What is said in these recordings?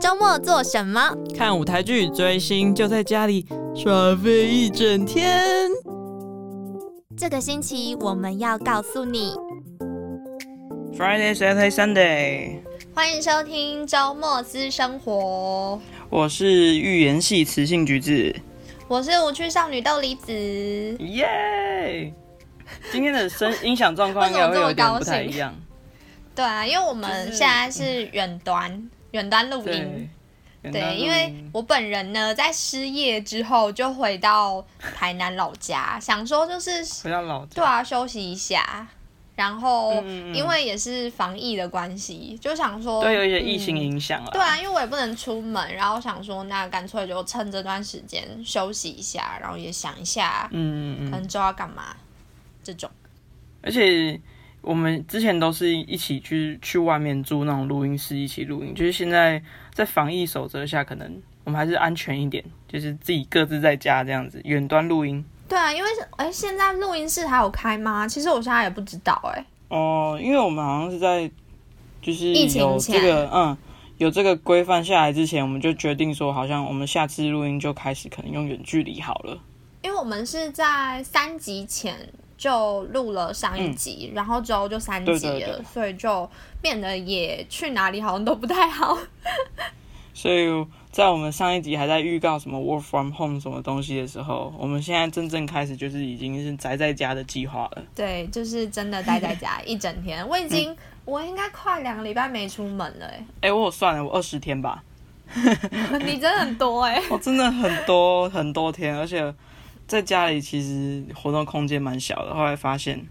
周末做什麼？看舞台劇、追星，就在家裡耍廢，一整天。這個星期我們要告訴你：Friday, Saturday, Sunday。歡迎收聽周末私生活。我是預言系雌性橘子，我是無趣少女荳梨子。耶、yeah!！今天的聲音響狀況為什麼我這麼高，會有一點不太一樣？對啊，因為我們現在是遠端。 遠端錄音，對，遠端錄音，因為我本人呢，在失業之後就回到台南老家， 想說就是回到老家，對啊，休息一下，然後、嗯、因為也是防疫的關係，就想說對，有一些疫情影響、嗯、對啊，因為我也不能出門，然後想說那乾脆就趁這段時間休息一下，然後也想一下嗯，嗯，可能就要幹嘛這種，而且。我們之前都是一起去去外面租那種錄音室一起錄音，就是現在在防疫守則下，可能我們還是安全一點，就是自己各自在家這樣子遠端錄音。對啊，因為哎、欸，現在錄音室還有開嗎？其實我現在也不知道哎、欸。哦、呃，因為我們好像是在，就是有這個疫情前嗯，有這個規範下來之前，我們就決定說，好像我們下次錄音就開始可能用遠距離好了。因為我們是在三級前。就錄了上一集，嗯，然後之後就三集了對對對，所以就變得也去哪裡好像都不太好。所以在我們上一集還在預告什麼 work from home 什麼東西的時候，我們現在真正開始就是已經是宅在家的計劃了。對，就是真的待在，在家 一整天。我已經、嗯、我應該快兩個禮拜沒出門了，哎、欸、哎，我算了，我二十天吧。 你真的很多哎、欸，我真的很多很多天，而且。在家裡其實活動空間蠻小的，後來發現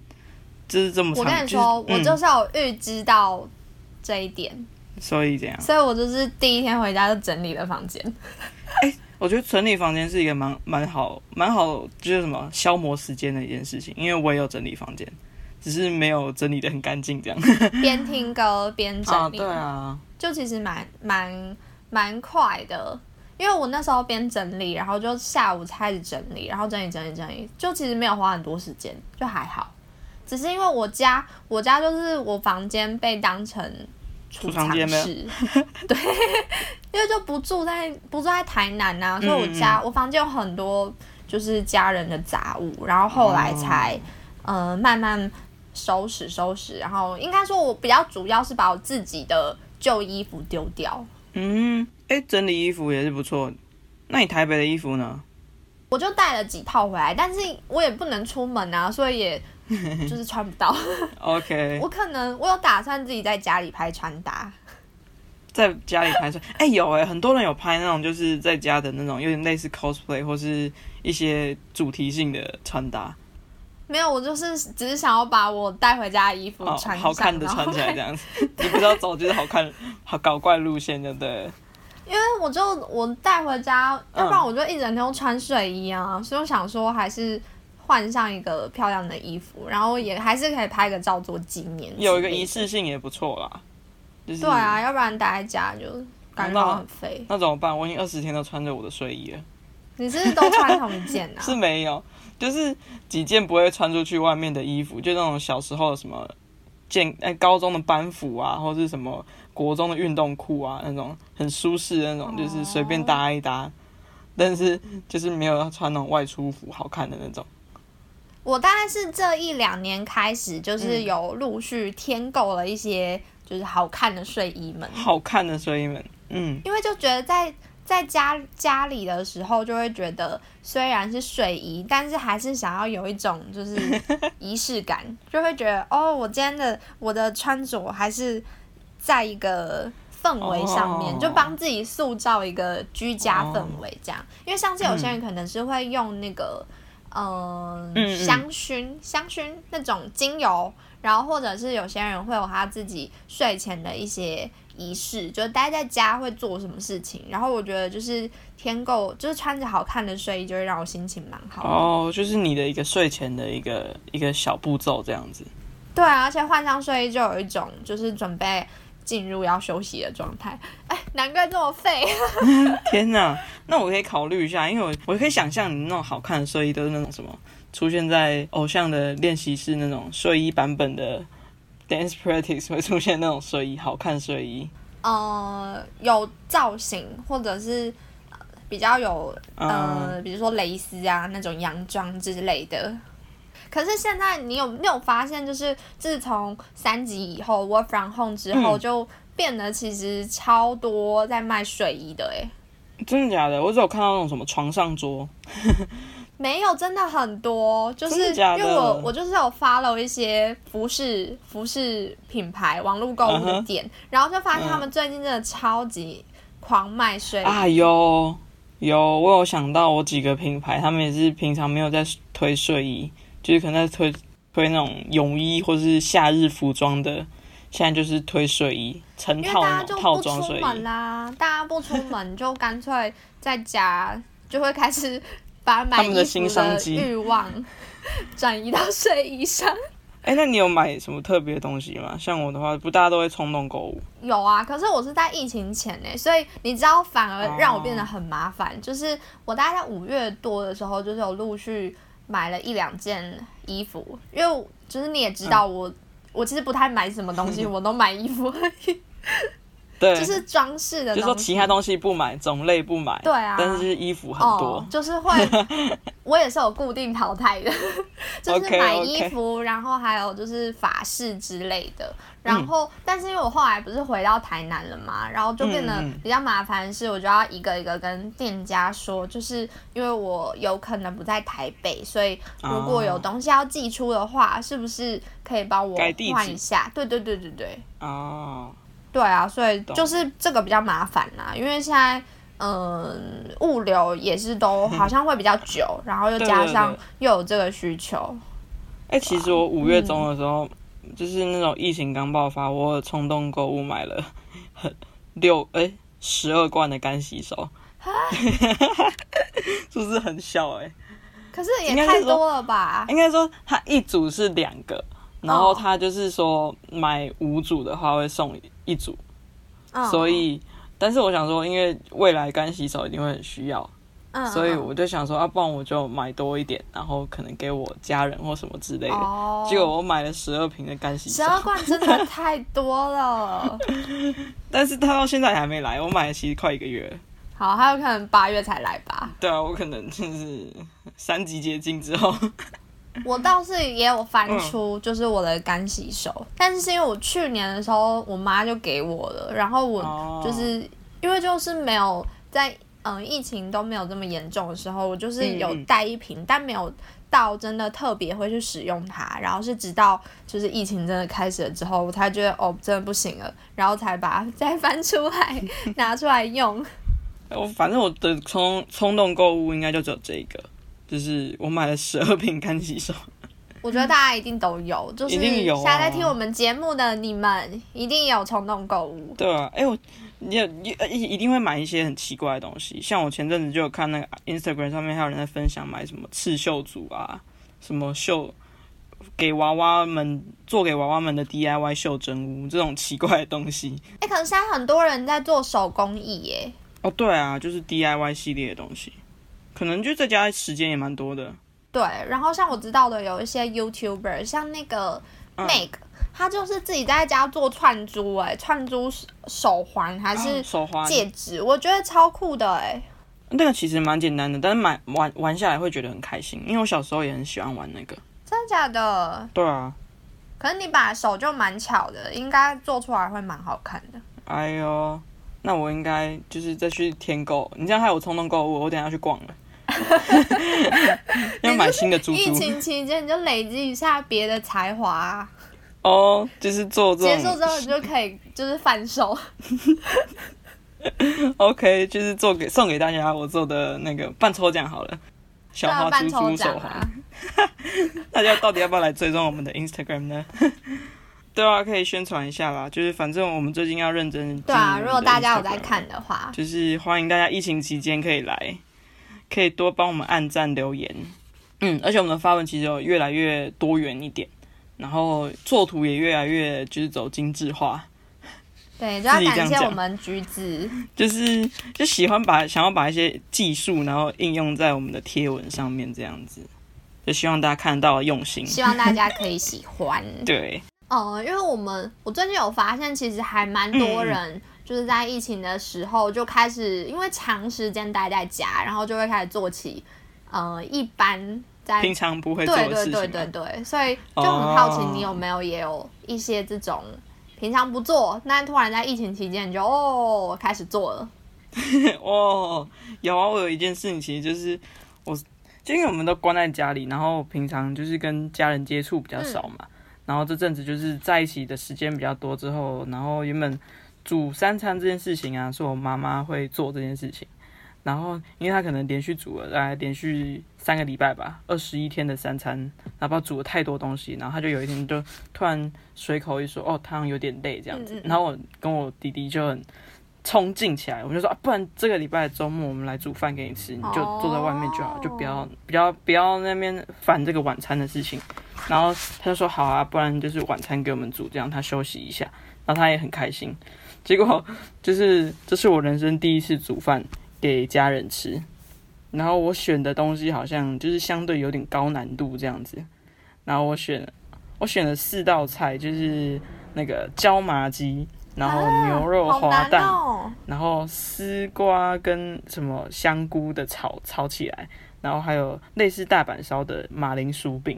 就是這麼長。我跟你說，就是、我就是有預知到這一點，所以這樣，所以我就是第一天回家就整理了房間。哎、欸，我覺得整理房間是一個蠻蠻好、蠻好，就是什麼消磨時間的一件事情，因為我也有整理房間，只是沒有整理的很乾淨這樣。邊聽歌邊整理、哦，對啊，就其實蠻蠻蠻快的。因為我那時候邊整理，然後就下午才開始整理，然後整理整理整理，就其實沒有花很多時間，就還好。只是因為我家我家就是我房間被當成儲藏室，藏 對，因為就不住在不住在台南啊。嗯、所以我家、嗯、我房間有很多就是家人的雜物，然後後來才嗯、哦呃、慢慢收拾收拾，然後應該說我比較主要是把我自己的舊衣服丟掉，嗯。哎、欸，整理衣服也是不錯。那你台北的衣服呢？我就帶了幾套回來，但是我也不能出門啊，所以也就是穿不到。 OK。我可能我有打算自己在家裡拍穿搭，在家裡拍穿。哎、欸，有哎、欸，很多人有拍那種就是在家的那種，有點類似 cosplay 或是一些主題性的穿搭。沒有，我就是只是想要把我帶回家的衣服穿好，好看，的穿起來這樣子。 你不知道走，就是好看、好搞怪路線就對。因為我就我帶回家，要不然我就一整天都穿睡衣啊、嗯，所以我想說還是換上一個漂亮的衣服，然後也還是可以拍個照做紀念。有一個儀式性也不錯啦、就是。對啊，要不然待在家就感覺到很廢。那怎麼辦？我已經二十天都穿着我的睡衣了。你是不是都穿同一件啊？ 是沒有，就是幾件不會穿出去外面的衣服，就那種小時候的什麼，建、哎、高中的班服啊，或是什麼。國中的運動褲啊，那種很舒適的那種，就是隨便搭一搭，Oh. 但是就是沒有要穿那種外出服好看的那種。我大概是這一兩年開始，就是有陸續添購了一些就是好看的睡衣們、嗯。好看的睡衣們，嗯，因為就覺得在在家家裡的時候，就會覺得雖然是睡衣，但是還是想要有一種就是儀式感， 就會覺得哦，我今天的我的穿着還是。在一個氛圍上面，oh, oh, oh, oh, oh, oh. 就幫自己塑造一個居家氛圍，這樣。Oh. 因為像是有些人可能是會用那個，嗯，嗯香薰、香薰那種精油，然後或者是有些人會有他自己睡前的一些儀式，就待在家會做什麼事情。然後我覺得就是添購，就是穿着好看的睡衣，就會讓我心情蠻好的。哦、oh,，就是你的一個睡前的一個一個小步驟這樣子。對啊，而且換上睡衣就有一種就是準備。進入要休息的狀態，哎，難怪這麼廢！ 天哪，那我可以考慮一下，因為我我可以想象你那種好看的睡衣都是那種什麼出現在偶像的練習室那種睡衣版本的 dance practice 會出現那種睡衣，好看睡衣，呃，有造型或者是比較有呃，比如說蕾絲啊那種洋裝之類的。可是現在你有沒有發現，就是自從三級以後，work from home 之後，就變得其實超多在賣睡衣的哎、欸嗯。真的假的？我只有看到那種什麼床上桌。 沒有真的很多，就是的的因為我我就是有 follow 一些服飾服飾品牌、網絡購物的店，uh -huh. 然後就發現他們最近真的超級狂賣睡衣。哎、uh、呦 -huh. 啊，有，有我有想到我幾個品牌，他們也是平常沒有在推睡衣。就是可能在推推那種泳衣或者是夏日服裝的，現在就是推睡衣成套，因為大家就不出門啦，那種套裝睡衣啦。大家不出門就乾脆在家， 就會開始把買衣服的欲望轉移到睡衣上。哎、 欸，那你有買什麼特別的東西嗎？像我的話，不大家都會衝動購物。有啊，可是我是在疫情前呢，所以你知道，反而讓我變得很麻煩、哦。就是我大概在五月多的時候，就是有陸續。買了一兩件衣服，因為就是你也知道我。嗯、我其實不太買什麼東西，我都買衣服。 就是裝飾的東西，就是說其他東西不買，種類不買，對啊，但是就是衣服很多，oh, 就是會， 我也是有固定淘汰的， 就是買衣服，okay, okay. 然後還有就是髮飾之類的，嗯、然後但是因為我後來不是回到台南了嘛，然後就變得比較麻煩，是我就要一個一個跟店家說、嗯，就是因為我有可能不在台北，所以如果有東西要寄出的話，哦、是不是可以幫我換一下？對對對對對，哦。對啊，所以就是這個比較麻煩啦，因為現在嗯、呃、物流也是都好像會比較久，嗯、然後又加上又有這個需求。哎、欸，其實我五月中的時候、嗯，就是那種疫情剛爆發，我有衝動購物買了六哎十二罐的乾洗手，哈 是不是很小哎、欸？可是也太多了吧？應該，說，應該說它一組是兩個。然後他就是說，買五組的話會送一組，oh. 所以，但是我想說，因為未來乾洗手一定會很需要，oh. 所以我就想說，啊，不然我就買多一點，然後可能給我家人或什麼之類的。Oh. 結果我買了十二瓶的乾洗手，十二罐真的太多了。 但是他到現在還沒來，我買了其實快一個月。好，還有可能八月才來吧。對啊，我可能就是三級警戒之後。 我倒是也有翻出，就是我的乾洗手、嗯，但是是因為我去年的時候，我媽就給我了，然後我就是因為就是沒有在嗯疫情都沒有這麼嚴重的時候，我就是有帶一瓶嗯嗯，但沒有到真的特別會去使用它，然後是直到就是疫情真的開始了之後，我才覺得哦真的不行了，然後才把再翻出來 拿出來用。我反正我的衝衝動購物應該就只有這一個。就是我買了十二瓶乾洗手 ，我覺得大家一定都有，嗯、就是想在在聽我們節目的你們一定有衝動購物。對啊，哎、欸、我，你一一定會買一些很奇怪的東西，像我前陣子就有看那個 Instagram 上面還有人在分享買什麼刺繡組啊，什麼繡給娃娃們做，給娃娃們的 DIY 袖珍屋這種奇怪的東西。哎、欸，可能現在很多人在做手工藝耶。哦，對啊，就是 DIY 系列的東西。可能就在家時間也蠻多的，對。然後像我知道的，有一些 YouTuber，像那個 Make，他就是自己在家做串珠，哎，串珠手，手環還是、啊、手環戒指，我覺得超酷的、欸，哎。那個其實蠻簡單的，但是買玩玩玩下來會覺得很開心，因為我小時候也很喜歡玩那個。真的假的？對啊。可是你把手就蠻巧的，應該做出來會蠻好看的。哎呦，那我應該就是再去添購，你知道還有衝動購物，我等下要去逛了。 要買新的珠珠。疫情期間，你就累積一下別的才華、啊。哦、oh,，就是做這種，結束之後你就可以就是販售 OK，就是做給送給大家，我做的那個半抽獎好了，小花珠珠手環。 大家到底要不要來追蹤我們的 Instagram 呢？ 對啊，可以宣傳一下啦。就是反正我們最近要認真。對啊，如果大家有在看的話，就是歡迎大家疫情期間可以來。可以多幫我們按讚留言，嗯，而且我們的發文其實有越來越多元一點，然後做圖也越來越就是走精緻化，對，就要感謝我們橘子，就是就喜歡把想要把一些技術，然後應用在我們的貼文上面這樣子，就希望大家看得到用心，希望大家可以喜歡， 對，哦、呃，因為我們我最近有發現，其實還蠻多人，嗯就是在疫情的時候就開始，因為長時間待在家，然後就會開始做起，呃，一般在平常不會做的事情，啊。對對對對對，所以就很好奇，你有沒有也有一些這種平常不做，oh. 但突然在疫情期間你就哦、oh, 開始做了。哦、 oh,，有啊，我有一件事情，其實就是我，就因為我們都關在家裡，然後平常就是跟家人接觸比較少嘛，嗯、然後這陣子就是在一起的時間比較多之後，然後原本，煮三餐這件事情啊，是我媽媽會做這件事情。然後，因為她可能連續煮了大概連續三個禮拜吧，二十一天的三餐，哪怕煮了太多東西，然後她就有一天就突然隨口一說，哦，她有點累這樣子。然後我跟我弟弟就很衝勁起來，我就說，啊，不然這個禮拜的週末我們來煮飯給你吃，你就坐在外面就好，就不要不要不要那邊煩這個晚餐的事情。然後他就說好啊，不然就是晚餐給我們煮，這樣他休息一下。然後他也很開心。結果就是這是我人生第一次煮飯給家人吃，然後我選的東西好像就是相對有點高難度這樣子，然後我選我選了四道菜，就是那個椒麻雞，然後牛肉滑蛋、啊，好難哦，然後絲瓜跟什麼香菇的炒炒起來，然後還有類似大阪燒的馬鈴薯餅，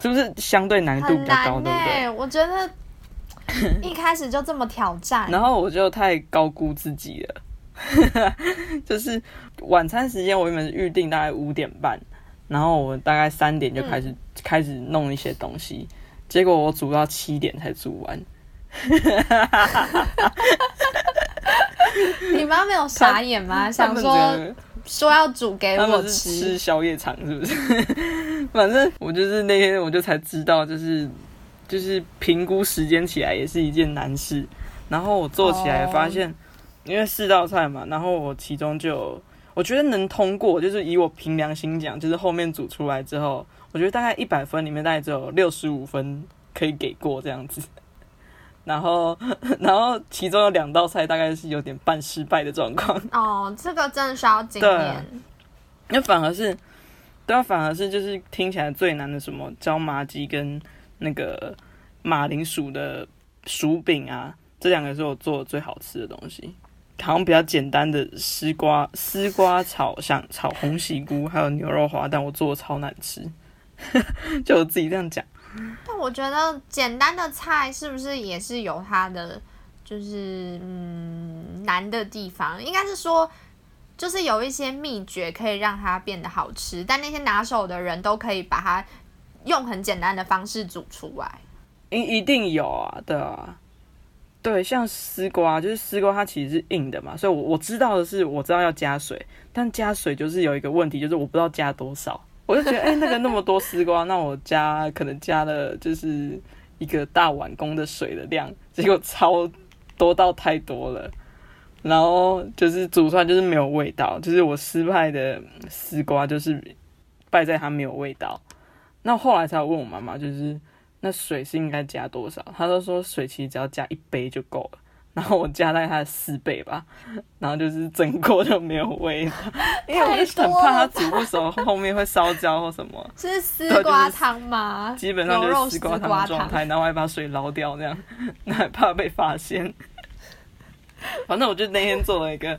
是不是相對難度比較高？很難對不對？我覺得。 一開始就這麼挑戰，然後我就太高估自己了， 就是晚餐時間我原本是預定大概五點半，然後我大概三點就開始、嗯、開始弄一些東西，結果我煮到七點才煮完。 你媽沒有傻眼嗎？想說說要煮給我吃，是吃宵夜場是不是？ 反正我就是那天我就才知道就是。就是評估時間起來也是一件難事，然後我做起來發現，oh. 因為四道菜嘛，然後我其中就有我覺得能通過，就是以我憑良心講，就是後面煮出來之後，我覺得大概一百分裡面大概只有六十五分可以給過這樣子，然後然後其中有兩道菜大概是有點半失敗的狀況。哦，oh，這個真的需要經驗，那反而是，對啊，反而是就是聽起來最難的什麼椒麻雞跟。那個馬鈴薯的薯餅啊，這兩個是我做的最好吃的東西。好像比較簡單的絲瓜、絲瓜炒香、炒鴻喜菇，還有牛肉滑蛋，我做的超難吃。 就我自己這樣講。但我覺得簡單的菜是不是也是有它的，就是嗯難的地方？應該是說，就是有一些秘訣可以讓它變得好吃，但那些拿手的人都可以把它。用很簡單的方式煮出來，一一定有啊，對啊，對，像絲瓜，就是絲瓜它其實是硬的嘛，所以我我知道的是我知道要加水，但加水就是有一個問題，就是我不知道加多少，我就覺得哎、欸，那個那麼多絲瓜， 那我加可能加了就是一個大碗公的水的量，結果超多到太多了，然後就是煮出來就是沒有味道，就是我失敗的絲瓜就是敗在它沒有味道。那後來才有問我媽媽，就是那水是應該加多少？她都說水其實只要加一杯就夠了。然後我加在它的四倍吧，然後就是整鍋就沒有味道，因為我很怕它煮不熟，後面會燒焦或什麼。這是絲瓜湯嗎？基本上就是絲瓜湯的狀態，然後還把水撈掉，這樣，那怕被發現。 反正我就那天做了一個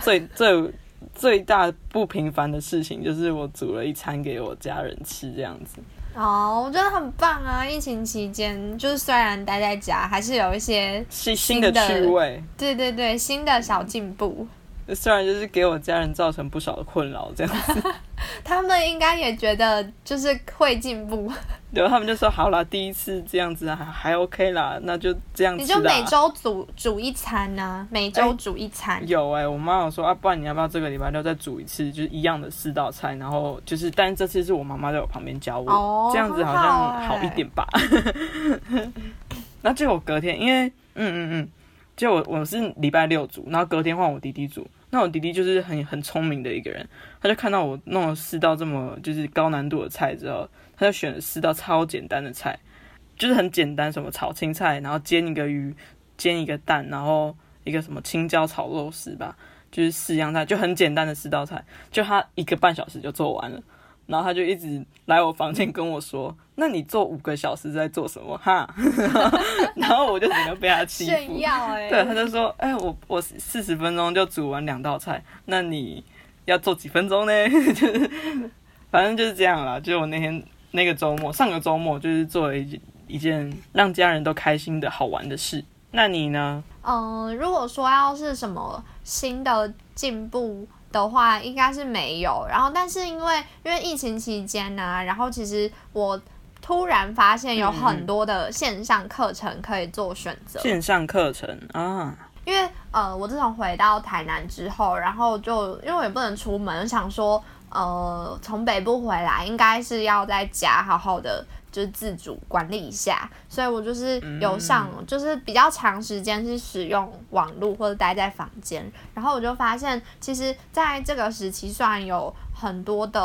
最最。最大不平凡的事情就是我煮了一餐給我家人吃，這樣子。哦、oh，我覺得很棒啊！疫情期間，就是雖然待在家，還是有一些新的，新的趣味，對對對，新的小進步。雖然就是給我家人造成不少的困擾，這樣子 他們應該也覺得就是會進步 。然後他們就說：“好了，第一次這樣子還、啊、還 OK 啦，那就這樣子啦。你就每週煮煮一餐呢、啊？每週煮一餐？欸、有哎、欸，我媽有說：“啊，不然你要不要這個禮拜六再煮一次？就是一樣的四道菜，然後就是，但是這次是我媽媽在我旁邊教我，oh, 這樣子好像好一點吧？”欸、 那最後隔天，因為嗯嗯嗯。就我我是禮拜六煮，然後隔天換我弟弟煮。那我弟弟就是很很聰明的一個人，他就看到我弄了四道這麼就是高難度的菜之後，他就選了四道超簡單的菜，就是很簡單，什麼炒青菜，然後煎一個魚，煎一個蛋，然後一個什麼青椒炒肉絲吧，就是四樣菜，就很簡單的四道菜，就他一個半小時就做完了。然後他就一直來我房間跟我說：“那你做五個小時在做什麼？”哈， 然後我就只能被他欺負。炫耀、欸、對，他就說：“哎、欸，我我四十分鐘就煮完兩道菜，那你要做幾分鐘呢？” 反正就是這樣啦。就我那天那個週末，上個週末就是做了一一件讓家人都開心的好玩的事。那你呢？嗯，如果說要是什麼新的進步的話應該是沒有，然後但是因為因為疫情期間呢、啊，然後其實我突然發現有很多的線上課程可以做選擇、嗯。線上課程啊，因為呃，我自從回到台南之後，然後就因為我也不能出門，想說呃從北部回來，應該是要在家好好的。就是自主管理一下，所以我就是有上，嗯、就是比較長時間是使用網絡或者待在房間，然後我就發現，其實在這個時期雖然有很多的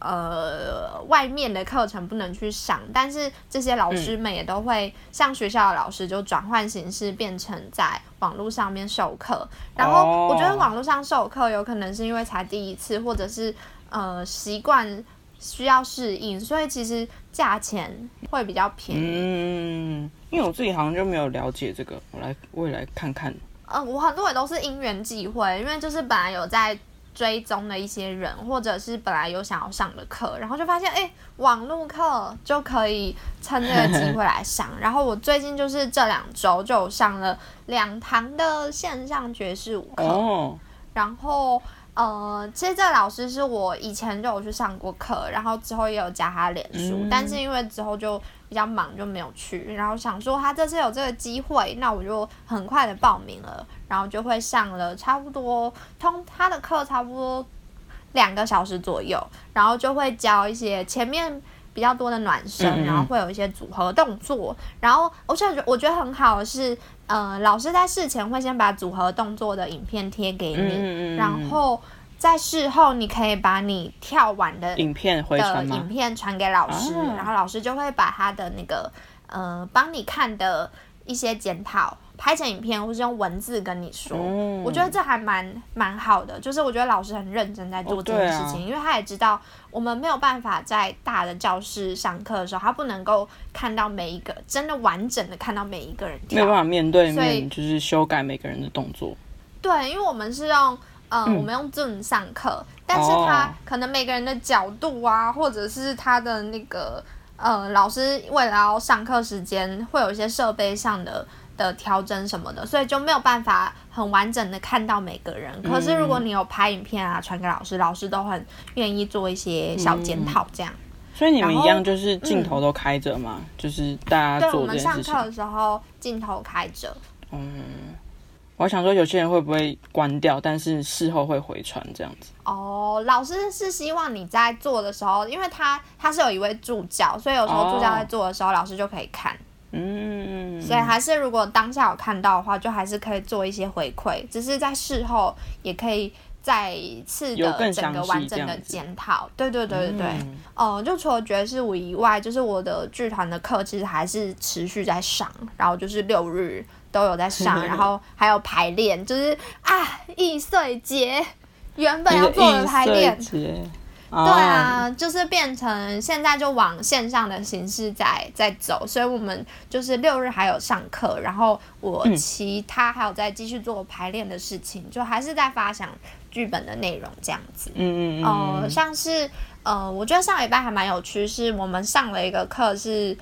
呃外面的課程不能去上，但是這些老師們也都會像學校的老師就轉換形式，變成在網絡上面授課。然後我覺得網絡上授課有可能是因為才第一次，或者是呃習慣。需要適應，所以其實價錢會比較便宜。嗯，因為我自己好像就沒有了解這個，我來我也來看看。嗯，我很多也都是因緣際會，因為就是本來有在追蹤的一些人，或者是本來有想要上的課，然後就發現，哎、欸，網絡課就可以趁這個機會來上。 然後我最近就是這兩週就上了兩堂的線上爵士舞課，哦，然後。呃，其實這個老師是我以前就有去上過課，然後之後也有加他臉書，嗯，但是因為之後就比較忙就沒有去。然後想說他這次有這個機會，那我就很快的報名了，然後就會上了差不多通他的課，差不多兩個小時左右，然後就會教一些前面。比較多的暖身，然後會有一些組合動作，嗯嗯，然後而且我，我覺得很好的是，呃，老師在事前會先把組合動作的影片貼給你，嗯嗯嗯，然後在事後你可以把你跳完的影片回的影片傳給老師，哦，然後老師就會把他的那個呃幫你看的一些檢討。拍成影片，或是用文字跟你說，嗯、我覺得這還蠻蠻好的。就是我覺得老師很認真在做這件事情，哦啊，因為他也知道我們沒有辦法在大的教室上課的時候，他不能夠看到每一個真的完整的看到每一個人，沒有辦法面對面，所以就是修改每個人的動作。對，因為我們是用呃，我們用 Zoom 上課，嗯，但是他可能每個人的角度啊，或者是他的那個呃，老師為了要上課時間，會有一些設備上的。的調整什麼的，所以就沒有辦法很完整的看到每個人。可是如果你有拍影片啊，傳、嗯、給老師，老師都很願意做一些小檢討這樣、嗯。所以你們一樣就是鏡頭都開着嘛、嗯，就是大家做。對，我們上課的時候鏡頭開着。嗯，我想說有些人會不會關掉，但是事後會回傳這樣子。哦，老師是希望你在做的時候，因為他他是有一位助教，所以有時候助教在做的時候，哦、老師就可以看。嗯，所以還是如果當下有看到的話，就還是可以做一些回饋，只是在事後也可以再一次的整個完整的檢討。對對對對，對，哦、嗯呃，就除了爵士舞以外，就是我的劇團的課其實還是持續在上，然後就是六日都有在上， 然後還有排練，就是啊藝穗節原本要做的排練。這個對啊，就是變成現在就往線上的形式在在走，所以我們就是六日還有上課，然後我其他還有在繼續做排練的事情、嗯，就還是在發想劇本的內容這樣子。嗯嗯嗯。呃、像是呃，我覺得上禮拜還蠻有趣，是我們上了一個課是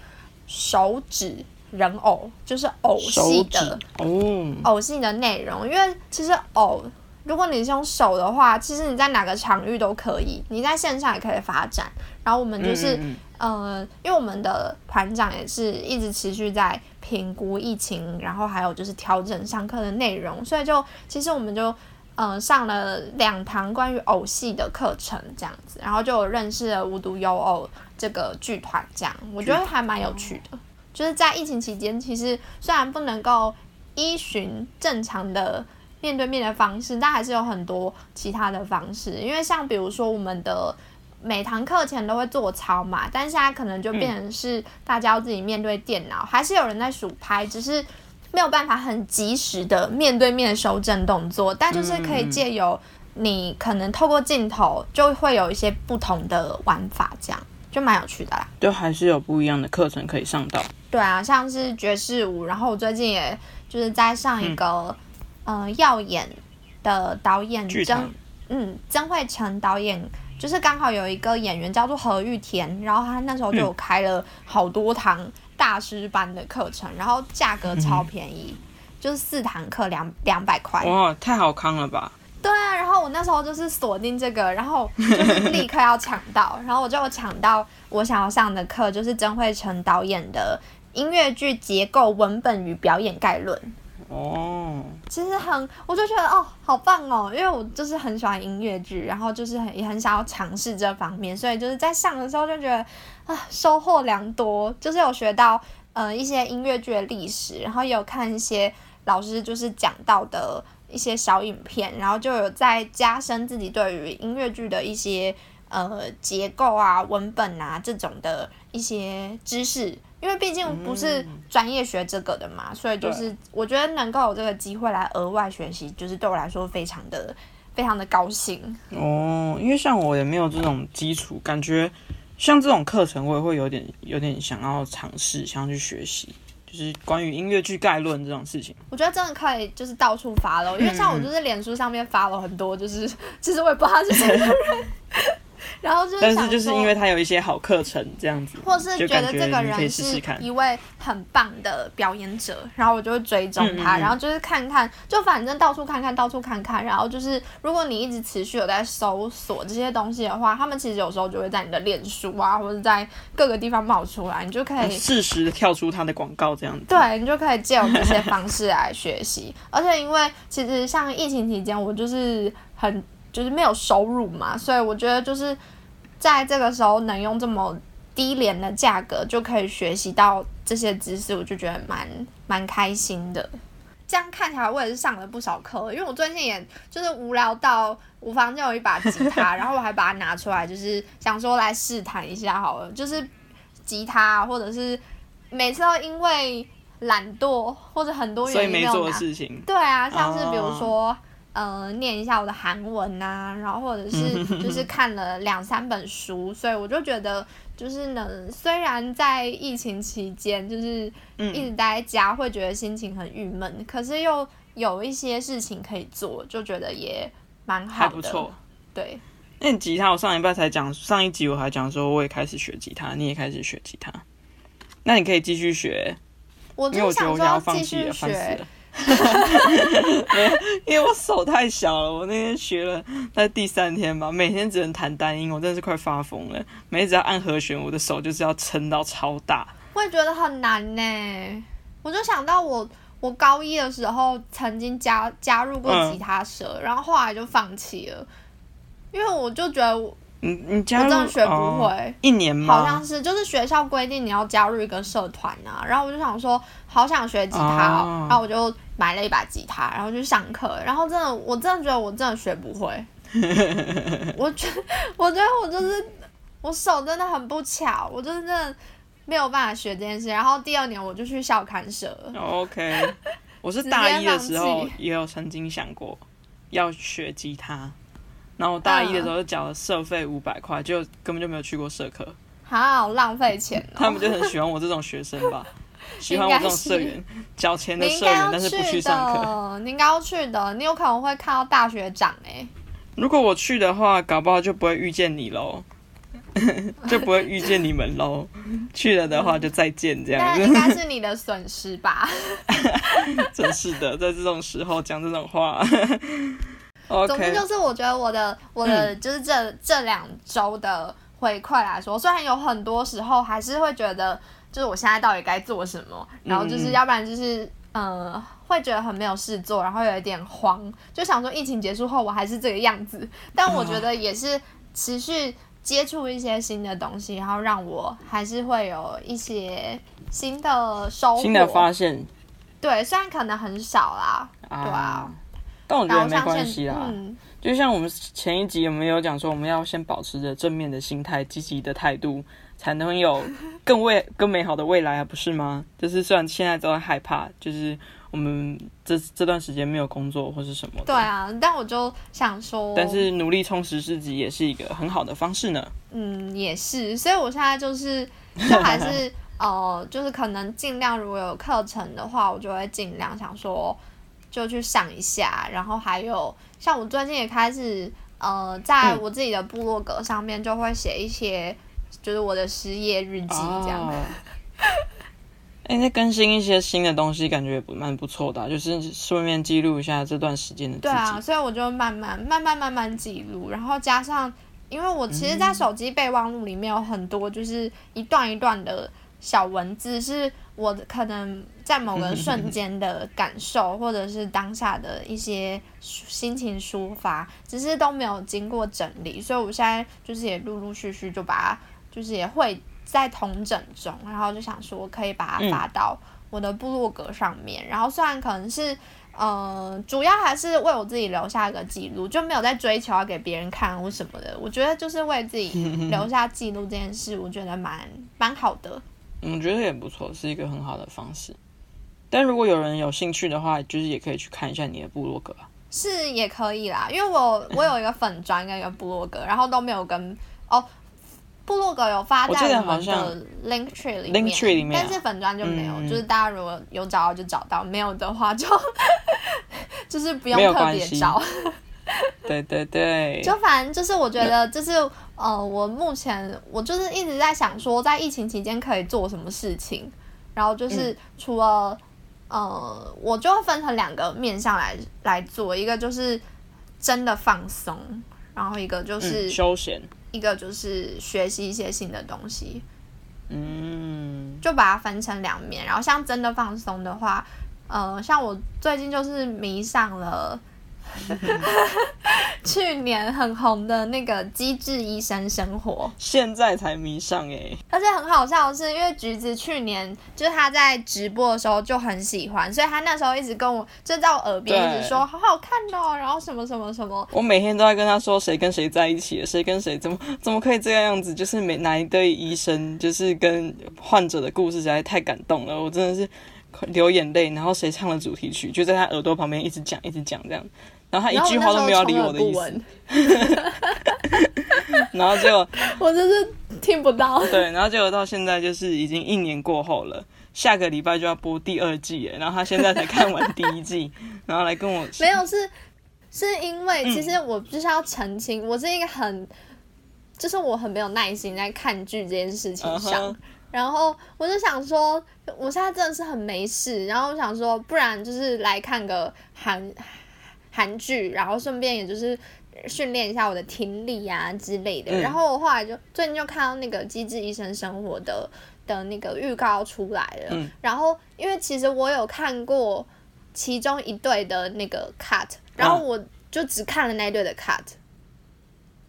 手指人偶，就是偶戲的、哦、偶戲的內容，因為其實偶。如果你是用手的話，其實你在哪個場域都可以，你在線上也可以發展。然後我們就是嗯嗯嗯，呃，因為我們的團長也是一直持續在評估疫情，然後還有就是調整上課的內容，所以就其實我們就，呃，上了兩堂關於偶戲的課程這樣子，然後就認識了無獨有偶這個劇團，這樣我覺得還蠻有趣的。就是在疫情期間，其實雖然不能夠依循正常的。面對面的方式，但還是有很多其他的方式，因為像比如說我們的每堂課前都會做操嘛，但現在可能就變成是大家要自己面對電腦、嗯，還是有人在數拍，只是沒有辦法很及時的面對面修正動作，但就是可以借由你可能透過鏡頭就會有一些不同的玩法，這樣就蠻有趣的啦，就還是有不一樣的課程可以上到。對啊，像是爵士舞，然後我最近也就是在上一個。嗯、呃，耀眼的導演曾，嗯，曾慧成導演就是剛好有一個演員叫做何玉田，然後他那時候就開了好多堂大師班的課程，嗯，然後價格超便宜，嗯、就是四堂課兩兩百塊。哇，太好康了吧？對啊，然後我那時候就是鎖定這個，然後就是立刻要搶到， 然後我就搶到我想要上的課，就是曾慧成導演的音樂劇結構、文本與表演概論。哦，其實很，我就覺得哦，好棒哦，因為我就是很喜歡音樂劇，然後就是很也很想要嘗試這方面，所以就是在上的時候就覺得啊，收穫良多，就是有學到呃一些音樂劇的歷史，然後也有看一些老師就是講到的一些小影片，然後就有在加深自己對於音樂劇的一些呃結構啊、文本啊這種的一些知識。因為畢竟我不是專業學這個的嘛、嗯,所以就是我覺得能夠有這個機會來額外學習，就是對我來說非常的非常的高興哦。因為像我也沒有這種基礎，感覺像這種課程我也會有點有點想要嘗試，想要去學習，就是關於音樂劇概論這種事情。我覺得真的可以就是到處發了，因為像我就是臉書上面發了很多、就是嗯，就是其實我也不知道他是誰。然後就是想說，但是就是因為他有一些好課程這樣子，或是覺得這個人是一位很棒的表演者，然後我就會追蹤他嗯嗯嗯，然後就是看看，就反正到處看看，到處看看，然後就是如果你一直持續有在搜索這些東西的話，他們其實有時候就會在你的臉書啊，或者在各個地方冒出來，你就可以適時的跳出他的廣告這樣子，對，你就可以藉由這些方式來學習。 而且因為其實像疫情期間，我就是很就是沒有收入嘛，所以我覺得就是。在這個時候能用這麼低廉的價格就可以學習到這些知識，我就覺得蠻蠻開心的。這樣看起來我也是上了不少課，因為我最近也就是無聊到我房間有一把吉他， 然後我還把它拿出來，就是想說來試彈一下好了。就是吉他或者是每次都因為懶惰或者很多原因拿沒有的事情，對啊，像是比如說。Oh. 呃，念一下我的韓文啊，然後或者是就是看了兩三本書， 所以我就覺得就是能雖然在疫情期間就是一直待在家，會覺得心情很鬱悶，嗯，可是又有一些事情可以做，就覺得也蠻好的。還不錯，對。那吉他，我上一半才講，上一集我還講說我也開始學吉他，你也開始學吉他，那你可以繼續學。我就想說要繼續學。 因為我手太小了，我那天學了在第三天吧，每天只能彈單音，我真的是快發瘋了。每天只要按和弦，我的手就是要撐到超大。我也覺得很難呢，我就想到我我高一的時候曾經加加入過吉他社，嗯、然後後來就放棄了，因為我就覺得我，我真的學不會，哦、一年嘛。好像是就是學校規定你要加入一個社團啊，然後我就想說好想學吉他，哦、然後我就。買了一把吉他，然後去上課，然後真的，我真的覺得我真的學不會。 我覺，我覺得我就是我手真的很不巧，我就是真的沒有辦法學這件事。然後第二年我就去校刊社。Oh, OK，我是大一的時候也有曾經想過要學吉他， 然後我大一的時候就繳了社費五百塊，uh, 就根本就沒有去過社課。好,好浪費錢哦。他們就很喜歡我這種學生吧。喜歡我這種社員，交錢的社員，但是不去上課。你應該要去的，你有可能會看到大學長哎、欸。如果我去的話，搞不好就不會遇見你嘍， 就不會遇見你們嘍。去了的話，就再見這樣那、嗯、應該是你的損失吧？真 是的，在這種時候講這種話。 okay, 總之就是我覺得我的我的就是這、嗯、這兩周的回饋來說，雖然有很多時候還是會覺得。就是我現在到底該做什麼，然後就是要不然就是、嗯、呃，會覺得很沒有事做，然後有一點慌，就想說疫情結束後我還是這個樣子。但我覺得也是持續接觸一些新的東西、啊，然後讓我還是會有一些新的收穫、新的發現。對，雖然可能很少啦，啊對啊，但我覺得沒關係啦、嗯。就像我們前一集我們有沒有講說，我們要先保持着正面的心態、積極的態度。才能有更未 更美好的未來啊，不是嗎？就是雖然現在都很害怕，就是我們這這段時間沒有工作或是什麼。對啊，但我就想說，但是努力充實自己也是一個很好的方式呢。嗯，也是。所以我現在就是，就還是 呃，就是可能盡量，如果有課程的話，我就會盡量想說就去上一下。然後還有，像我最近也開始呃，在我自己的部落格上面就會寫一些。嗯。就是我的失業日記、oh. 這樣、啊。哎、欸,那更新一些新的東西，感覺也蠻不錯的、啊。就是順便記錄一下這段時間的。對啊，所以我就慢慢、慢慢、慢慢記錄，然後加上，因為我其實，在手機備忘錄裡面有很多，就是一段一段的小文字，是我可能在某個瞬間的感受， 或者是當下的一些心情抒發，只是都沒有經過整理，所以我現在就是也陸陸續續就把它。就是也會在同整中，然後就想說，我可以把它發到我的部落格上面。嗯、然後雖然可能是，呃，主要還是為我自己留下一個記錄，就沒有在追求要給別人看或什麼的。我覺得就是為自己留下記錄這件事，我覺得蠻、嗯、蠻好的。嗯，覺得也不錯，是一個很好的方式。但如果有人有興趣的話，就是也可以去看一下你的部落格。是也可以啦，因為我我有一個粉專跟一個部落格，然後都沒有跟哦。部落格有發在我們的 Linktree 裡面，裡面啊，但是粉專就沒有。嗯嗯，就是大家如果有找到就找到，嗯嗯，沒有的話就 就是不用特別找。對對對。 就反正就是我覺得就是、嗯、呃，我目前我就是一直在想說，在疫情期間可以做什麼事情。然後就是除了、嗯、呃，我就會分成兩個面向來來做，一個就是真的放鬆，然後一個就是、嗯、休閒。一個就是學習一些新的東西，嗯，就把它分成兩面。然後像真的放鬆的話，呃，像我最近就是迷上了。 去年很紅的那個《機智醫生生活》，現在才迷上哎、欸。而且很好笑的是，因為橘子去年就是他在直播的時候就很喜歡，所以他那時候一直跟我就在我耳邊一直說好好看哦，然後什麼什麼什麼。我每天都在跟他說誰跟誰在一起，誰跟誰怎麼怎麼可以這個樣子？就是每哪一對醫生就是跟患者的故事實在太感動了，我真的是流眼淚。然後誰唱的主題曲，就在他耳朵旁邊一直講一直講這樣。然後他一句話都沒有理我的意思，然後就我， 然後結果 我就是聽不到。對，然後結果到現在就是已經一年過後了，下個禮拜就要播第二季，然後他現在才看完第一季， 然後來跟我說，沒有，是是因為其實我就是要澄清，嗯、我是一個很就是我很沒有耐心在看劇這件事情上，Uh-huh. 然後我就想說我現在真的是很沒事，然後我想說不然就是來看個韓。韓劇，然後順便也就是訓練一下我的聽力呀、啊、之類的、嗯。然後我後來就最近就看到那個《機智醫生生活》的的那個預告出來了、嗯。然後因為其實我有看過其中一對的那個 cut，然後我就只看了那一對的 cut，啊、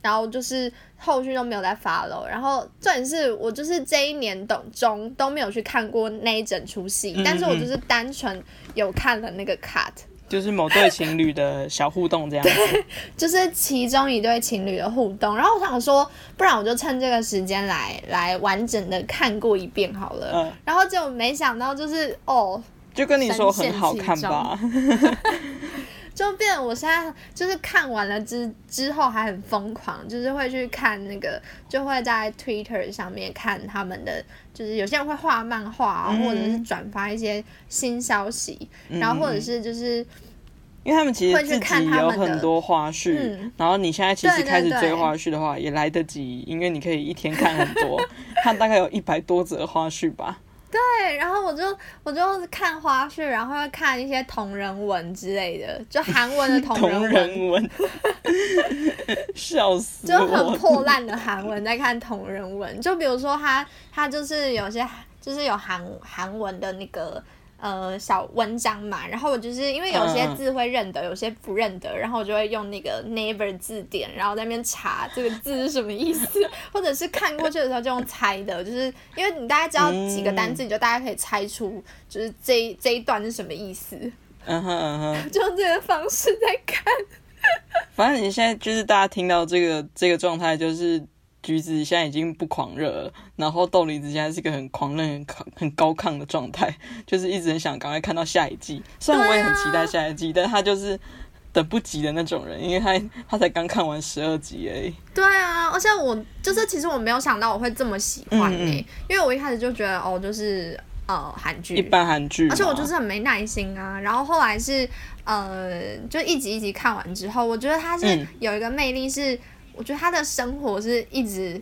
然後就是後續都沒有再 follow。然後重點是我就是這一年當中都沒有去看過那一整出戲、嗯，但是我就是單純有看了那個 cut。就是某對情侶的小互動這樣子，對 就是其中一對情侶的互動。然後我想說，不然我就趁這個時間來來完整的看過一遍好了。嗯、然後就沒想到，就是哦，就跟你說很好看吧。 就變，我現在就是看完了之之後還很瘋狂，就是會去看那個，就會在 Twitter 上面看他們的，就是有些人會畫漫畫、啊嗯，或者是轉發一些新消息、嗯，然後或者是就是，因為他們其實會去看他們有很多花絮、嗯，然後你現在其實開始追花絮的話也來得及，對對對，因為你可以一天看很多，看 大概有一百多則花絮吧。對，然後我就我就看花絮，然後要看一些同人文之類的，就韓文的同人文，笑死同人文， 就很破爛的韓文在看同人文， 就比如說他他就是有些就是有韓韓文的那個。呃，小文章嘛，然後我就是因為有些字會認得，嗯、有些不認得，然後我就會用那個 Naver 字典，然後在那邊查這個字是什麼意思， 或者是看過去的時候就用猜的，就是因為你大概知道幾個單字，嗯、你就大家可以猜出就是這這一段是什麼意思，嗯哼嗯哼、嗯，就用這個方式在看，反正你現在就是大家聽到這個這個狀態就是。橘子現在已經不狂熱了，然後荳梨子現在是一個很狂熱、很很高亢的狀態，就是一直很想趕快看到下一季。雖然我也很期待下一季，啊、但他就是等不及的那種人，因為他他才剛看完十二集而已。對啊，而且我就是其實我沒有想到我會這麼喜歡哎、欸嗯嗯，因為我一開始就覺得哦，就是呃韓劇，一般韓劇，而且我就是很沒耐心啊。然後後來是呃，就一集一集看完之後，我覺得他是有一個魅力是。嗯我覺得他的生活是一直，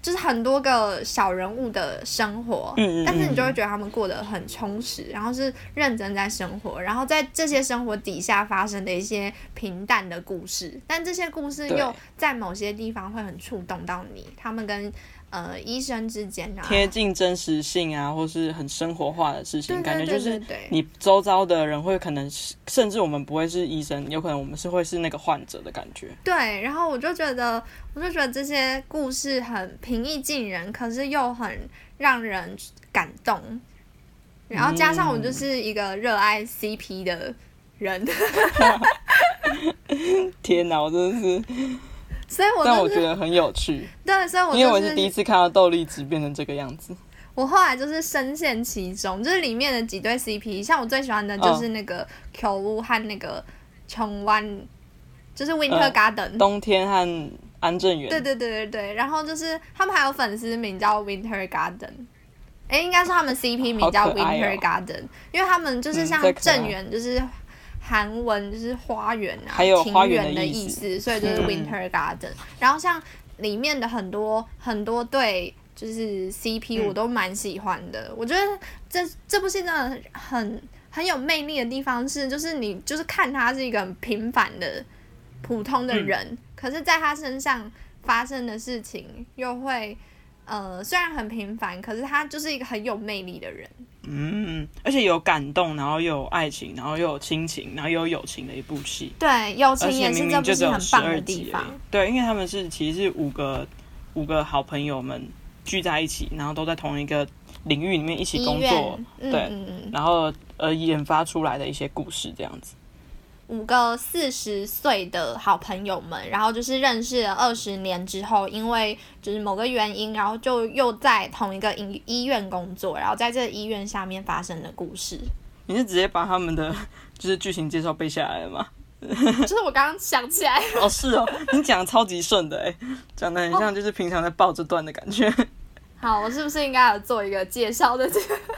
就是很多個小人物的生活嗯嗯嗯，但是你就會覺得他們過得很充實，然後是認真在生活，然後在這些生活底下發生的一些平淡的故事，但這些故事又在某些地方會很觸動到你。他們跟呃，醫生之間啊，貼近真實性啊，或是很生活化的事情，感覺對對對對對，就是你周遭的人會可能，甚至我們不會是醫生，有可能我們是會是那個患者的感覺。對，然後我就覺得，我就覺得這些故事很平易近人，可是又很讓人感動。然後加上我就是一個熱愛 CP 的人，嗯、 天哪，我真的是。所以我、就是，我但我覺得很有趣。對，所以我、就是，我因為我是第一次看到荳梨子變成這個樣子。我後來就是深陷其中，就是裡面的幾對 CP，像我最喜歡的就是那個 Q 和那個瓊灣、嗯，就是 Winter Garden、嗯。冬天和安正元。對對對對對，然後就是他們還有粉絲名叫 Winter Garden，哎、欸，應該是他們 CP 名叫 Winter、哦、Garden，因為他們就是像正元就是。韓文就是花園啊，庭園的意思，的意思，所以就是 Winter Garden、嗯。然後像裡面的很多很多對，就是 CP，我都蠻喜歡的、嗯。我覺得這這部戲真的很很，很有魅力的地方是，就是你就是看他是一個很平凡的普通的人、嗯，可是在他身上發生的事情又會。呃，雖然很平凡，可是他就是一個很有魅力的人。嗯，而且有感動，然後又有愛情，然後又有親情，然後又有友情的一部戲。對，友情也是這部戲很棒的地方。對，因為他們是其實是五個五個好朋友們聚在一起，然後都在同一個領域裡面一起工作。嗯、對，然後呃研發出來的一些故事這樣子。五個四十歲的好朋友們，然後就是認識了二十年之後，因為就是某個原因，然後就又在同一個醫醫院工作，然後在這醫院下面發生的故事。你是直接把他們的就是劇情介紹背下來了嗎？ 就是我剛剛想起來哦，是哦，你講的超級順的，哎，講的很像就是平常在報這段的感覺、哦。好，我是不是應該要做一個介紹的、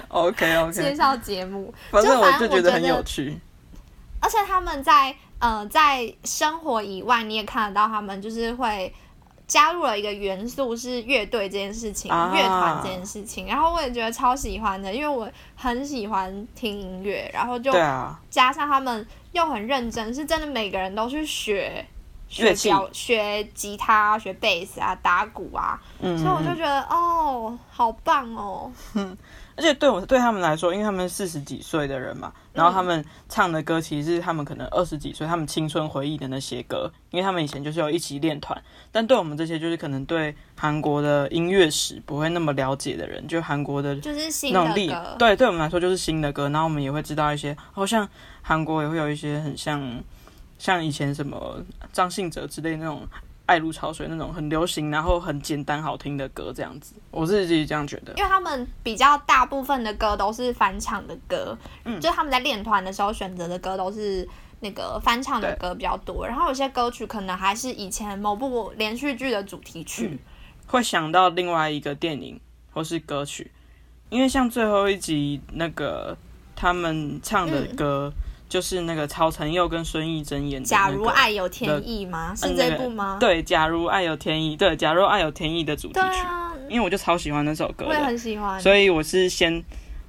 哦？OK OK，介紹節目，反正我就覺得很有趣。而且他們在呃在生活以外，你也看得到他們就是會加入了一個元素，是樂隊這件事情，啊、樂團這件事情。然後我也覺得超喜歡的，因為我很喜歡聽音樂，然後就加上他們又很認真，是真的每個人都去學學表、學吉他、學貝斯啊、打鼓啊、嗯，所以我就覺得哦，好棒哦。 而且對我對他們來說，因為他們四十幾歲的人嘛，然後他們唱的歌其實是他們可能二十幾歲，他們青春回憶的那些歌，因為他們以前就是有一起練團。但對我們這些就是可能對韓國的音樂史不會那麼了解的人，就韓國的，就是那種力，對，對我們來說就是新的歌。然後我們也會知道一些，好，哦，像韓國也會有一些很像像以前什麼張信哲之類那種。愛如潮水那種很流行，然後很簡單好聽的歌這樣子，我自己這樣覺得。因為他們比較大部分的歌都是翻唱的歌，嗯，就他們在練團的時候選擇的歌都是那個翻唱的歌比較多。然後有些歌曲可能還是以前某部連續劇的主題曲。嗯，會想到另外一個電影或是歌曲。因為像最後一集那個他們唱的歌。嗯就是那個曹承佑跟孫藝珍演的《假如愛有天意嗎》嗎、嗯？是這一部嗎？那個、對，《假如愛有天意》對，《假如愛有天意》的主題曲、啊。因為我就超喜歡那首歌的，我也很喜歡，所以我是先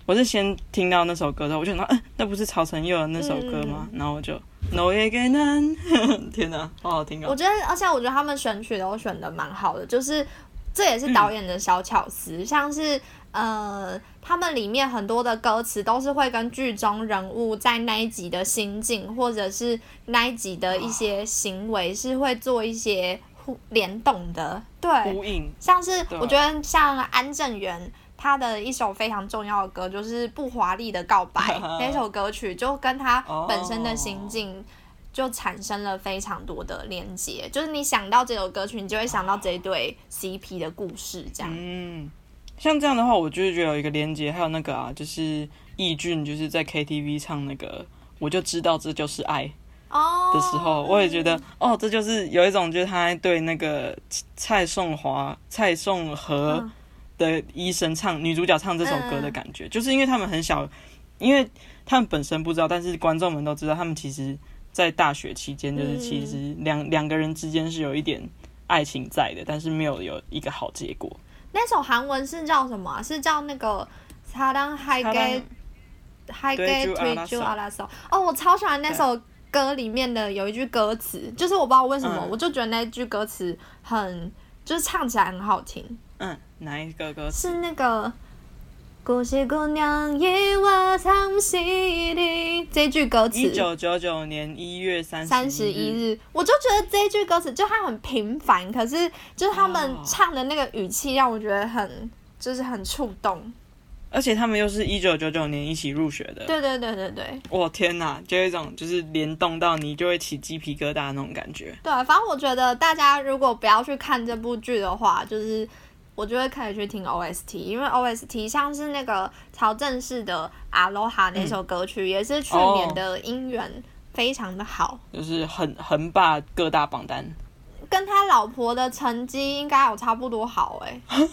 我是先聽到那首歌的，我就想到，嗯、呃，那不是曹承佑的那首歌嗎？嗯、然後我就，No， 天哪、啊，好好聽啊！我覺得，而且我覺得他們選曲都選得蠻好的，就是這也是導演的小巧思，嗯、像是。呃，他們裡面很多的歌詞都是會跟劇中人物在那一集的心境，或者是那一集的一些行為，是會做一些互聯動的，對，呼應。像是我覺得像安正元他的一首非常重要的歌，就是不華麗的告白 那首歌曲，就跟他本身的心境就產生了非常多的連接。就是你想到這首歌曲，你就會想到這一對 CP 的故事，這樣。嗯像這樣的話，我就是覺得有一個連接，還有那個啊，就是易俊就是在 KTV 唱那個，我就知道這就是愛。哦。的時候，oh. 我也覺得、mm. 哦，這就是有一種就是他對那個蔡頌華、蔡頌和的醫生唱、uh. 女主角唱這首歌的感覺，uh. 就是因為他們很小，因為他們本身不知道，但是觀眾們都知道，他們其實在大學期間就是其實兩兩、mm. 個人之間是有一點愛情在的，但是沒有有一個好結果。那首韓文是叫什麼、啊？是叫那個《他當海蓋、海蓋 Two Two 阿拉斯哦，我超喜歡那首歌裡面的有一句歌詞，就是我不知道為什麼，嗯、我就覺得那句歌詞很，就是唱起來很好聽。嗯，哪一句歌詞？是那個。姑謝姑娘，夜晚唱西皮。這句歌詞。一九九九年一月三十。一日，我就覺得這句歌詞就它很平凡，可是就是他們唱的那個語氣讓我覺得很、哦、就是很觸動。而且他們又是一九九九年一起入學的。對對對對對,對。我、哦、天哪，就一種就是聯動到你就會起雞皮疙瘩那種感覺。對，反正我覺得大家如果不要去看這部劇的話，就是。我就會開始去聽 OST，因為 OST 像是那個曹政奭的《Aloha》那首歌曲，嗯，也是去年的音源非常的好，哦、就是橫橫霸各大榜單。跟他老婆的成績應該有差不多好哎。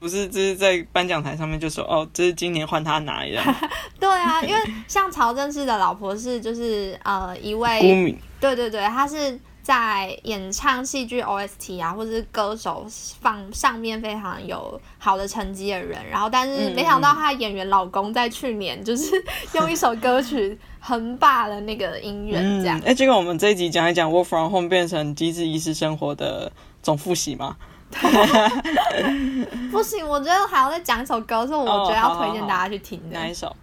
不是，這是在頒獎台上面就說哦，這是今年換他拿一樣。 對啊，因為像曹政奭的老婆是就是 呃一位對對對，她是。在演唱戲劇 OST 啊，或者是歌手放上面非常有好的成績的人，然後但是沒想到他演員老公在去年就是用一首歌曲橫霸了那個音樂，這樣。哎、嗯，這、嗯、個、欸、我們這一集講一講《Work From Home》變成機智醫生生活的總複習嗎？ 不行，我覺得還要再講一首歌，是我覺得要推薦大家去聽的那、哦、一首。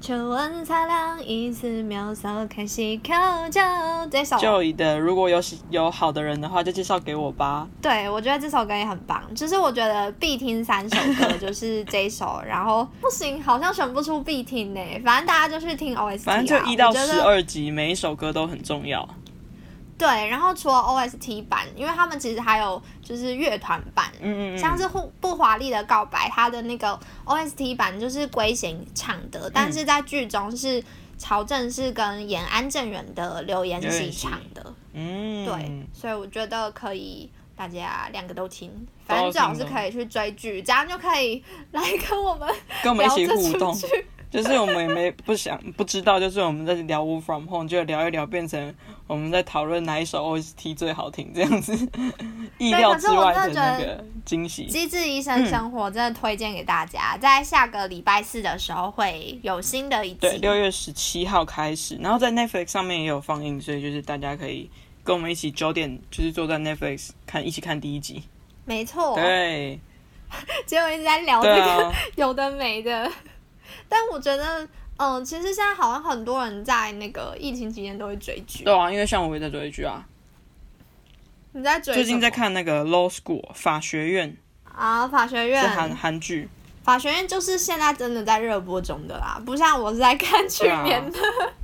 秋風擦亮一絲渺小，看西口酒。就的，如果有有好的人的話，就介紹給我吧。對，我覺得這首歌也很棒。其實我覺得必聽三首歌 就是這一首，然後不行，好像選不出必聽誒。反正大家就去聽 OST。反正就一到十二集，每一首歌都很重要。對，然後除了 OST 版，因為他們其實還有就是樂團版，嗯嗯嗯，像是不不華麗的告白，他的那個 OST 版就是圭賢唱的，嗯，但是在劇中是曹政奭跟演安政源的劉演錫唱的，嗯，嗯，對，所以我覺得可以大家兩個都聽，反正最好是可以去追劇，這樣就可以來跟我們聊着互動。出去 就是我們也沒不想不知道，就是我們在聊 Work from Home，就聊一聊，變成我們在討論哪一首 OST 最好聽這樣子。 意料之外的那個驚喜，《機智醫生生活》真的推薦給大家，嗯、在下個禮拜四的時候會有新的一集。對，六月十七號開始，然後在 Netflix 上面也有放映，所以就是大家可以跟我們一起九點，就是坐在 Netflix 看，一起看第一集。沒錯。對。 結果一直在聊這個、啊、 有的沒的。但我覺得，嗯，其實現在好像很多人在那個疫情期間都會追劇。對啊，因為像我也在追劇啊。你在追？最近在看那個《Law School》法學院。啊，oh，法學院。是韓韓劇。法學院就是現在真的在熱播中的啦，不像我是在看去年的。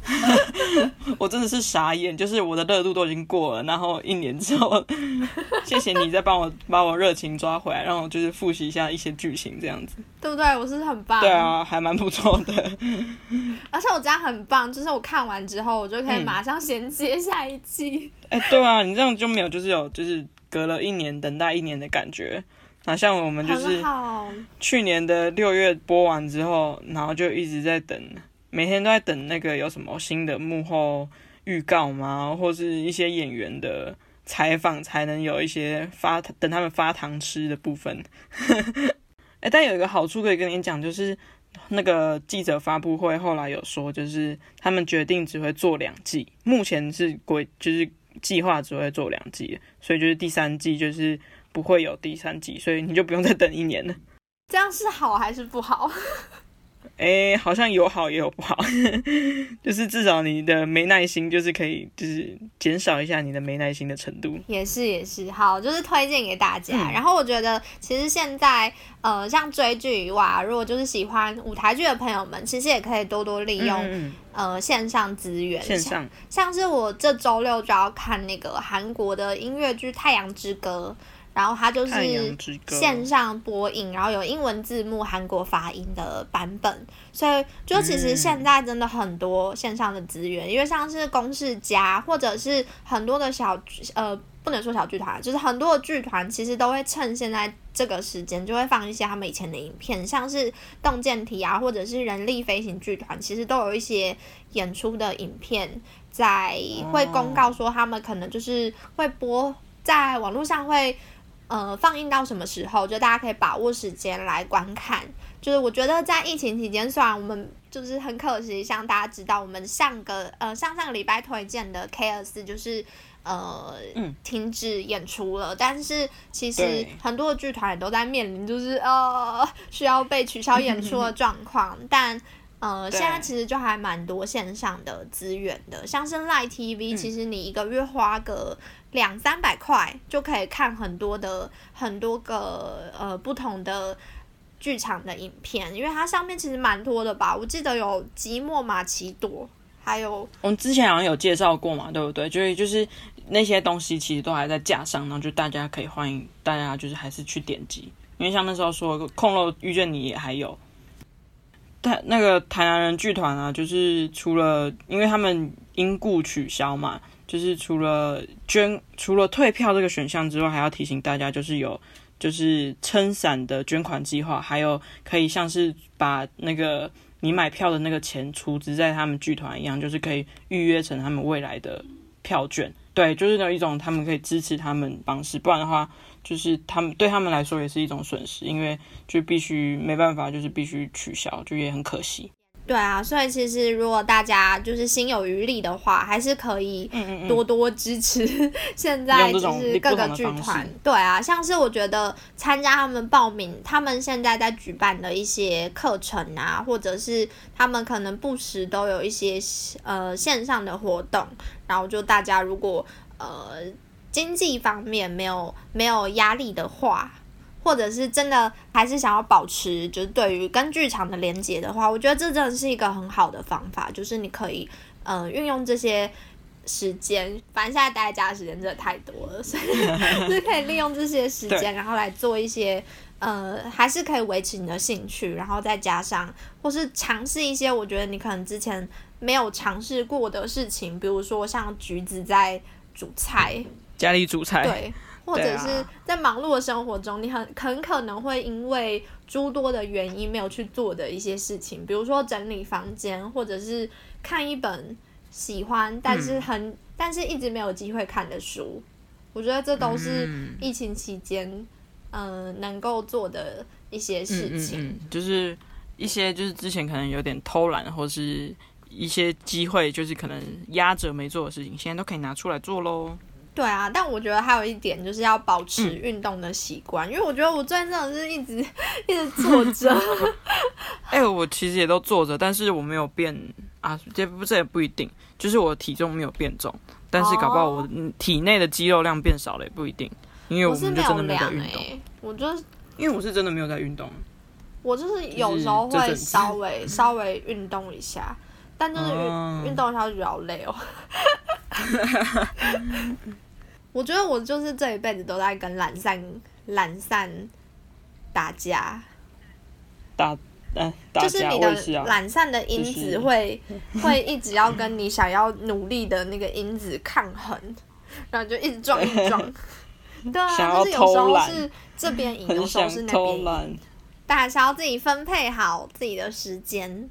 啊、 我真的是傻眼，就是我的熱度都已經過了，然後一年之後，謝謝你再幫我 把我熱情抓回來，讓我就是復習一下一些劇情這樣子，對不對？我是很棒。對啊，還蠻不錯的。 而且我這樣很棒，就是我看完之後，我就可以馬上銜接下一季。哎、嗯欸，對啊，你這樣就沒有就是有就是隔了一年等待一年的感覺。那像我們就是去年的六月播完之後，然後就一直在等，每天都在等那個有什麼新的幕後預告嗎？或是一些演員的採訪，才能有一些發等他們發糖吃的部分。哎、 欸，但有一個好處可以跟你講，就是那個記者發布會後來有說，就是他們決定只會做兩季，目前是規就是計劃只會做兩季，所以就是第三季就是。不會有第三季，所以你就不用再等一年了。這樣是好還是不好？哎、 欸，好像有好也有不好， 就是至少你的沒耐心就是可以就是減少一下你的沒耐心的程度。也是也是好，就是推薦給大家、嗯。然後我覺得其實現在呃，像追劇以外，如果就是喜歡舞台劇的朋友們，其實也可以多多利用、嗯、呃線上資源。線上像，像是我這周六就要看那個韓國的音樂劇《太陽之歌》。然後它就是線上播映，然後有英文字幕、韓國發音的版本，所以就其實現在真的很多線上的資源，嗯、因為像是公視家或者是很多的小呃不能說小劇團，就是很多的劇團其實都會趁現在這個時間就會放一些他們以前的影片，像是動見體啊，或者是人力飛行劇團，其實都有一些演出的影片在會公告說他們可能就是會播在網絡上會。呃，放映到什麼時候，就大家可以把握時間來觀看。就是我覺得在疫情期間，雖然我們就是很可惜，像大家知道，我們上個呃上上個禮拜推薦的 K 二四就是呃停止演出了，嗯，但是其實很多的劇團也都在面臨就是呃需要被取消演出的狀況，嗯，但。呃，現在其實就還蠻多線上的資源的，像是 LINE TV，、嗯、其實你一個月花個兩三百塊，就可以看很多的很多個呃不同的劇場的影片，因為它上面其實蠻多的吧。我記得有《寂寞瑪奇朵》，還有我們之前好像有介紹過嘛，對不對？就是就是那些東西其實都還在架上，然後就大家可以歡迎大家就是還是去點擊，因為像那時候說《空落遇見你》也還有。台那個台南人劇團啊，就是除了因為他們因故取消嘛，就是除了捐除了退票這個選項之外，還要提醒大家就，就是有就是撐傘的捐款計劃，還有可以像是把那個你買票的那個錢儲值在他們劇團一樣，就是可以預約成他們未來的票券。對，就是有一種他們可以支持他們方式，不然的話，就是他們對他們來說也是一種損失，因為就必須沒辦法，就是必須取消，就也很可惜。對啊，所以其實如果大家就是心有餘力的話，還是可以多多支持現在就是各個劇團。對啊，像是我覺得參加他們報名，他們現在在舉辦的一些課程啊，或者是他們可能不時都有一些呃線上的活動，然後就大家如果呃。經濟方面沒有沒有壓力的話，或者是真的還是想要保持就是對於跟劇場的連接的話，我覺得這真的是一個很好的方法，就是你可以呃運用這些時間，反正現在待在家的時間真的太多了，所以 就可以利用這些時間，然後來做一些呃還是可以維持你的興趣，然後再加上或是嘗試一些我覺得你可能之前沒有嘗試過的事情，比如說像橘子在煮菜。家裡煮菜，對，或者是在忙碌的生活中，啊、你很很可能會因為諸多的原因沒有去做的一些事情，比如說整理房間，或者是看一本喜歡但是很、嗯、但是一直沒有機會看的書。我覺得這都是疫情期間，嗯、呃、能夠做的一些事情、嗯嗯嗯，就是一些就是之前可能有點偷懶，或是一些機會，就是可能壓着沒做的事情，現在都可以拿出來做嘍。對啊，但我覺得還有一點就是要保持運動的習慣，嗯、因為我覺得我最近真的是一直一直坐着。哎、 欸，我其實也都坐着，但是我沒有變啊，這不這也不一定，就是我體重沒有變重，但是搞不好我體內的肌肉量變少了也不一定，因為我是真的沒有在運動，我、是、欸、我就是因為我是真的沒有在運動，我就是有時候會稍微、就是、稍微運動一下。但就是運、嗯、動的時候覺得好累哦， 我覺得我就是這一輩子都在跟懶散懶散打架，打、欸、打架就是你的懶散的因子、就是、會會一直要跟你想要努力的那個因子抗衡， 然後就一直撞一直撞。 對啊，就是有時候是這邊贏，有時候是那邊贏，大家是要自己分配好自己的時間。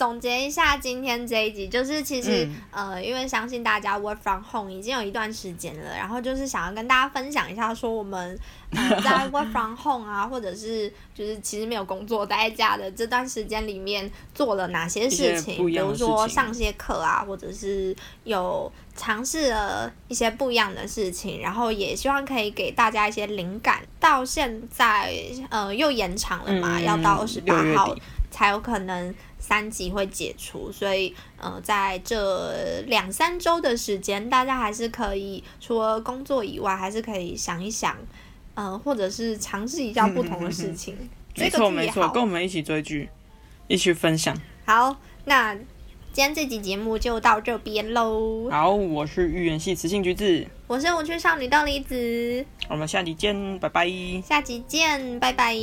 總結一下今天這一集，就是其實、嗯、呃，因為相信大家 work from home 已經有一段時間了，然後就是想要跟大家分享一下，說我們在 work from home 啊， 或者是就是其實沒有工作在家的這段時間裡面做了哪些事情，事情比如說上些課啊、嗯，或者是有嘗試了一些不一樣的事情，然後也希望可以給大家一些靈感。到現在呃又延長了嘛、嗯，要到二十八號才有可能。三級會解除，所以，呃，在這兩三周的時間，大家還是可以除了工作以外，還是可以想一想，嗯、呃，或者是嘗試一下不同的事情。呵呵呵，這個、也好沒錯沒錯，跟我們一起追劇，一起分享。好，那今天這集節目就到這邊嘍。好，我是預言系雌性橘子，我是無趣少女荳梨子，我們下集見，拜拜。下集見，拜拜。